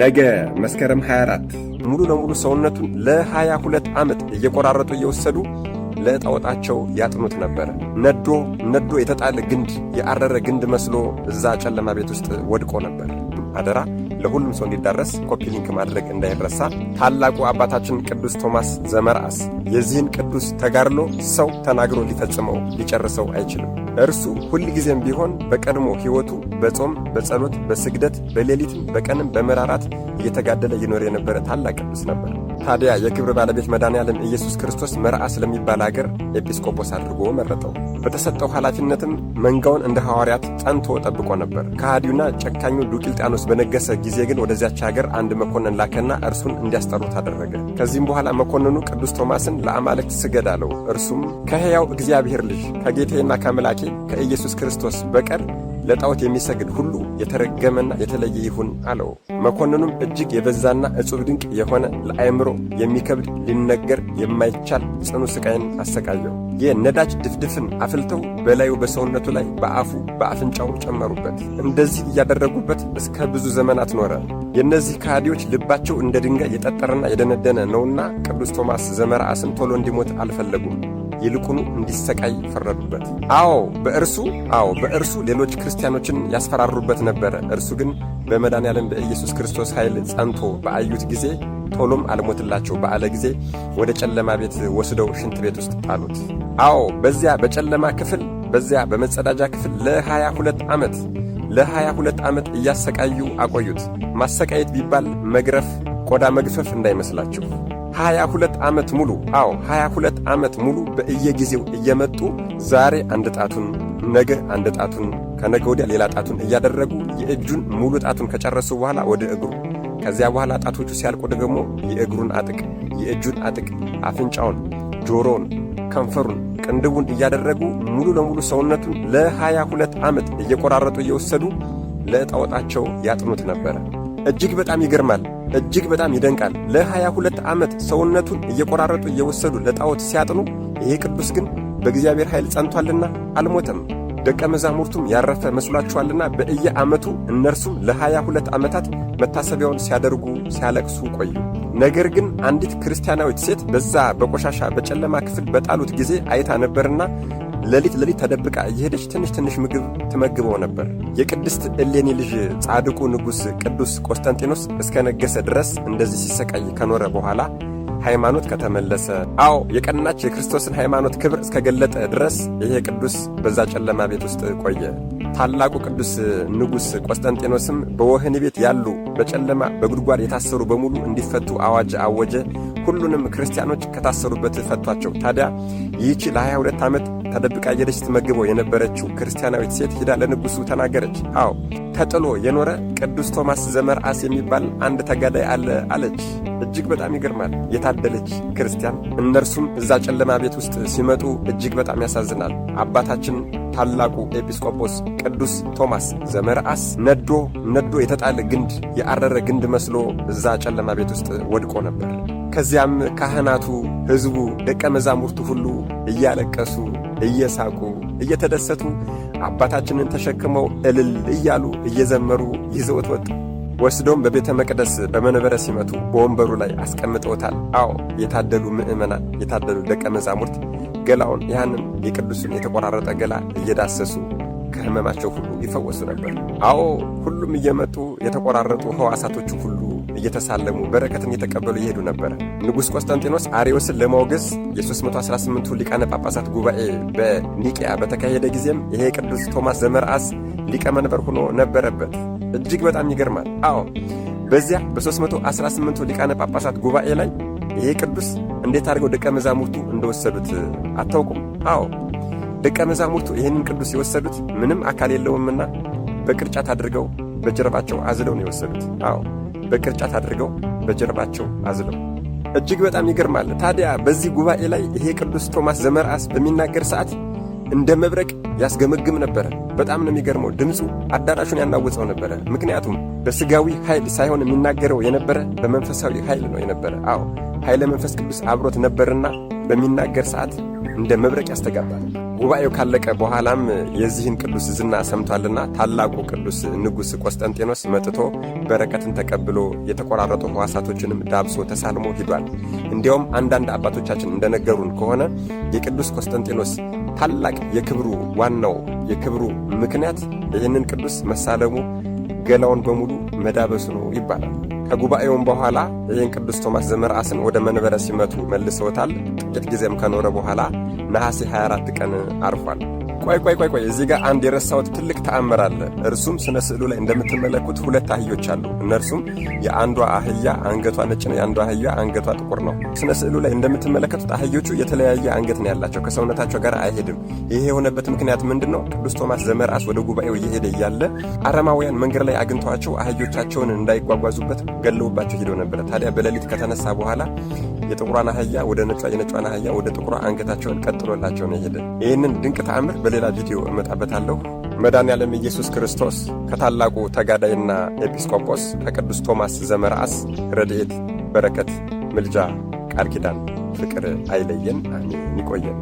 ነገ መስከረም 24 ሙሉ ለሙሉ ሰውነቱን ለ22 ዓመት እየቆራረጡ እየወሰዱ ለጣዖታቸው ያጥኑት ነበር። ነዶ ነዶ የተጣለ ግንድ የአረረ ግንድ መስሎ እዛ ጨለማ ቤት ውስጥ ወድቆ ነበር። አደራ ለሁሉም ሰው እንዲዳረስ ኮፒሊንክ ማድረግ እንዳይረሳ ታላቁ አባታችን ቅዱስ ቶማስ ዘመርአስ የዚህን ቅዱስ ተጋድሎ ሰው ተናግሮ ሊፈጽመው ሊጨርሰው አይችልም። እርሱ ሁልጊዜም ቢሆን በቀድሞ ሕይወቱ በጾም በጸሎት፣ በስግደት፣ በሌሊትም በቀንም በመራራት እየተጋደለ ይኖር የነበረ ታላቅ ቅዱስ ነበር። ታዲያ የክብር ባለቤት መድኃኔዓለም ኢየሱስ ክርስቶስ መርዓ ስለሚባል አገር ኤጲስቆጶስ አድርጎ መረጠው። በተሰጠው ኃላፊነትም መንጋውን እንደ ሐዋርያት ጸንቶ ጠብቆ ነበር። ከሃዲውና ጨካኙ ዱቅልጥያኖስ በነገሰ ጊዜ ግን ወደዚያች አገር አንድ መኮንን ላከና እርሱን እንዲያስጠሩት አደረገ። ከዚህም በኋላ መኮንኑ ቅዱስ ቶማስን ለአማልክት ስገድ አለው። እርሱም ከሕያው እግዚአብሔር ልጅ ከጌቴና ከመላኬ ከኢየሱስ ክርስቶስ በቀር ለጣዖት የሚሰግድ ሁሉ የተረገመና የተለየ ይሁን አለው። መኮንኑም እጅግ የበዛና እጹብ ድንቅ የሆነ ለአእምሮ የሚከብድ ሊነገር የማይቻል ጽኑ ስቃይን አሰቃየው። የነዳጅ ድፍድፍን አፍልተው በላዩ በሰውነቱ ላይ በአፉ በአፍንጫው ጨመሩበት። እንደዚህ እያደረጉበት እስከ ብዙ ዘመናት ኖረ። የእነዚህ ከሃዲዎች ልባቸው እንደ ድንጋይ የጠጠረና የደነደነ ነውና ቅዱስ ቶማስ ዘመርአስም ቶሎ እንዲሞት አልፈለጉም። ይልቁኑ እንዲሰቃይ ፈረዱበት። አዎ በእርሱ አዎ በእርሱ ሌሎች ክርስቲያኖችን ያስፈራሩበት ነበረ። እርሱ ግን በመድኃኔዓለም በኢየሱስ ክርስቶስ ኃይል ጸንቶ በአዩት ጊዜ ቶሎም አልሞትላቸው በአለ ጊዜ ወደ ጨለማ ቤት ወስደው ሽንት ቤት ውስጥ ጣሉት። አዎ በዚያ በጨለማ ክፍል በዚያ በመጸዳጃ ክፍል ለሃያ ሁለት ዓመት ለሃያ ሁለት ዓመት እያሰቃዩ አቆዩት። ማሰቃየት ቢባል መግረፍ፣ ቆዳ መግፈፍ እንዳይመስላችሁ። 22 ዓመት ሙሉ አዎ 22 ዓመት ሙሉ በእየጊዜው እየመጡ ዛሬ አንድ ጣቱን ነገ አንድ ጣቱን ከነገ ወዲያ ሌላ ጣቱን እያደረጉ የእጁን ሙሉ ጣቱን ከጨረሱ በኋላ ወደ እግሩ ከዚያ በኋላ ጣቶቹ ሲያልቁ ደግሞ የእግሩን አጥቅ፣ የእጁን አጥቅ፣ አፍንጫውን፣ ጆሮውን፣ ከንፈሩን፣ ቅንድቡን እያደረጉ ሙሉ ለሙሉ ሰውነቱን ለሃያ ሁለት ዓመት እየቆራረጡ እየወሰዱ ለዕጣወጣቸው ያጥኑት ነበረ። እጅግ በጣም ይገርማል፣ እጅግ በጣም ይደንቃል። ለሃያ ሁለት ዓመት ሰውነቱን እየቆራረጡ እየወሰዱ ለጣዖት ሲያጥኑ ይሄ ቅዱስ ግን በእግዚአብሔር ኃይል ጸንቷልና አልሞተም። ደቀ መዛሙርቱም ያረፈ መስሏችኋልና በየዓመቱ እነርሱም ለሃያ ሁለት ዓመታት መታሰቢያውን ሲያደርጉ ሲያለቅሱ ቆዩ። ነገር ግን አንዲት ክርስቲያናዊት ሴት በዛ በቆሻሻ በጨለማ ክፍል በጣሉት ጊዜ አይታ ነበርና ሌሊት ሌሊት ተደብቃ እየሄደች ትንሽ ትንሽ ምግብ ትመግበው ነበር። የቅድስት እሌኒ ልጅ ጻድቁ ንጉሥ ቅዱስ ቆስጠንጢኖስ እስከ ነገሰ ድረስ እንደዚህ ሲሰቃይ ከኖረ በኋላ ሃይማኖት ከተመለሰ፣ አዎ የቀናች የክርስቶስን ሃይማኖት ክብር እስከገለጠ ድረስ ይሄ ቅዱስ በዛ ጨለማ ቤት ውስጥ ቆየ። ታላቁ ቅዱስ ንጉሥ ቆስጠንጢኖስም በወህኒ ቤት ያሉ በጨለማ በጉድጓድ የታሰሩ በሙሉ እንዲፈቱ አዋጅ አወጀ። ሁሉንም ክርስቲያኖች ከታሰሩበት ፈቷቸው። ታዲያ ይህቺ ለ22 ዓመት ተደብቃ እየሄደች ስትመግበው የነበረችው ክርስቲያናዊት ሴት ሂዳ ለንጉሡ ተናገረች። አዎ ተጥሎ የኖረ ቅዱስ ቶማስ አስ የሚባል አንድ ተጋዳይ አለ አለች። እጅግ በጣም ይገርማል። የታደለች ክርስቲያን። እነርሱም እዛ ጨለማ ቤት ውስጥ ሲመጡ እጅግ በጣም ያሳዝናል። አባታችን ታላቁ ኤጲስቆጶስ ቅዱስ ቶማስ አስ ነዶ ነዶ የተጣለ ግንድ የአረረ ግንድ መስሎ እዛ ጨለማ ቤት ውስጥ ወድቆ ነበር። ከዚያም ካህናቱ፣ ሕዝቡ፣ ደቀ መዛሙርቱ ሁሉ እያለቀሱ እየሳቁ እየተደሰቱ አባታችንን ተሸክመው እልል እያሉ እየዘመሩ ይዘውት ወጡ። ወስዶም በቤተ መቅደስ በመንበረ ሲመቱ በወንበሩ ላይ አስቀምጠውታል። አዎ የታደሉ ምዕመናን፣ የታደሉ ደቀ መዛሙርት ገላውን ያንን የቅዱሱን የተቆራረጠ ገላ እየዳሰሱ ከሕመማቸው ሁሉ ይፈወሱ ነበር። አዎ ሁሉም እየመጡ የተቆራረጡ ሕዋሳቶቹ ሁሉ እየተሳለሙ በረከትን እየተቀበሉ እየሄዱ ነበረ። ንጉሥ ቆስጠንጢኖስ አሪዮስን ለማውገዝ የ318ቱ ሊቃነ ጳጳሳት ጉባኤ በኒቅያ በተካሄደ ጊዜም ይሄ ቅዱስ ቶማስ ዘመርአስ ሊቀ መንበር ሆኖ ነበረበት። እጅግ በጣም ይገርማል። አዎ በዚያ በ318ቱ ሊቃነ ጳጳሳት ጉባኤ ላይ ይሄ ቅዱስ እንዴት አድርገው ደቀ መዛሙርቱ እንደወሰዱት አታውቁም? አዎ ደቀ መዛሙርቱ ይህንን ቅዱስ የወሰዱት ምንም አካል የለውምና በቅርጫት አድርገው በጀርባቸው አዝለው ነው የወሰዱት። አዎ በቅርጫት አድርገው በጀርባቸው አዝለው እጅግ በጣም ይገርማል። ታዲያ በዚህ ጉባኤ ላይ ይሄ ቅዱስ ቶማስ ዘመርአስ በሚናገር ሰዓት እንደ መብረቅ ያስገመግም ነበረ። በጣም ነው የሚገርመው። ድምፁ አዳራሹን ያናውፀው ነበረ። ምክንያቱም በስጋዊ ኃይል ሳይሆን የሚናገረው የነበረ በመንፈሳዊ ኃይል ነው የነበረ። አዎ ኃይለ መንፈስ ቅዱስ አብሮት ነበርና በሚናገር ሰዓት እንደ መብረቅ ያስተጋባል። ጉባኤው ካለቀ በኋላም የዚህን ቅዱስ ዝና ሰምቷልና ታላቁ ቅዱስ ንጉሥ ቆስጠንጤኖስ መጥቶ በረከትን ተቀብሎ የተቆራረጡ ሕዋሳቶችንም ዳብሶ ተሳልሞ ሂዷል። እንዲያውም አንዳንድ አባቶቻችን እንደነገሩን ከሆነ የቅዱስ ቆስጠንጤኖስ ታላቅ የክብሩ ዋናው የክብሩ ምክንያት ይህንን ቅዱስ መሳለሙ ገላውን በሙሉ መዳበሱ ነው ይባላል። ከጉባኤውም በኋላ ይህን ቅዱስ ቶማስ ዘመርአስን ወደ መንበረ ሲመቱ መልሰውታል። ጥቂት ጊዜም ከኖረ በኋላ ነሐሴ 24 ቀን አርፏል። ቆይ ቆይ ቆይ ቆይ እዚህ ጋር አንድ የረሳሁት ትልቅ ተአምር አለ። እርሱም ስነ ስዕሉ ላይ እንደምትመለኩት ሁለት አህዮች አሉ። እነርሱም የአንዷ አህያ አንገቷ ነጭ ነው፣ የአንዷ አህያ አንገቷ ጥቁር ነው። ስነ ስዕሉ ላይ እንደምትመለከቱት አህዮቹ የተለያየ አንገት ነው ያላቸው፣ ከሰውነታቸው ጋር አይሄድም። ይሄ የሆነበት ምክንያት ምንድን ነው? ቅዱስ ቶማስ ዘመርአስ ወደ ጉባኤው እየሄደ እያለ አረማውያን መንገድ ላይ አግኝተዋቸው አህዮቻቸውን እንዳይጓጓዙበት ገለውባቸው ሄደው ነበረ። ታዲያ በሌሊት ከተነሳ በኋላ የጥቁሯን አህያ ወደ ነጯ፣ የነጯን አህያ ወደ ጥቁሯ አንገታቸውን ቀጥሎላቸው ነው የሄደ። ይህንን ድንቅ ተአምር በሌላ ቪዲዮ እመጣበታለሁ። መዳን ያለም ኢየሱስ ክርስቶስ ከታላቁ ተጋዳይና ኤጲስቆጶስ ከቅዱስ ቶማስ ዘመርዓስ ረድኤት፣ በረከት፣ ምልጃ፣ ቃል ኪዳን፣ ፍቅር አይለየን። አሜን። ይቆየን።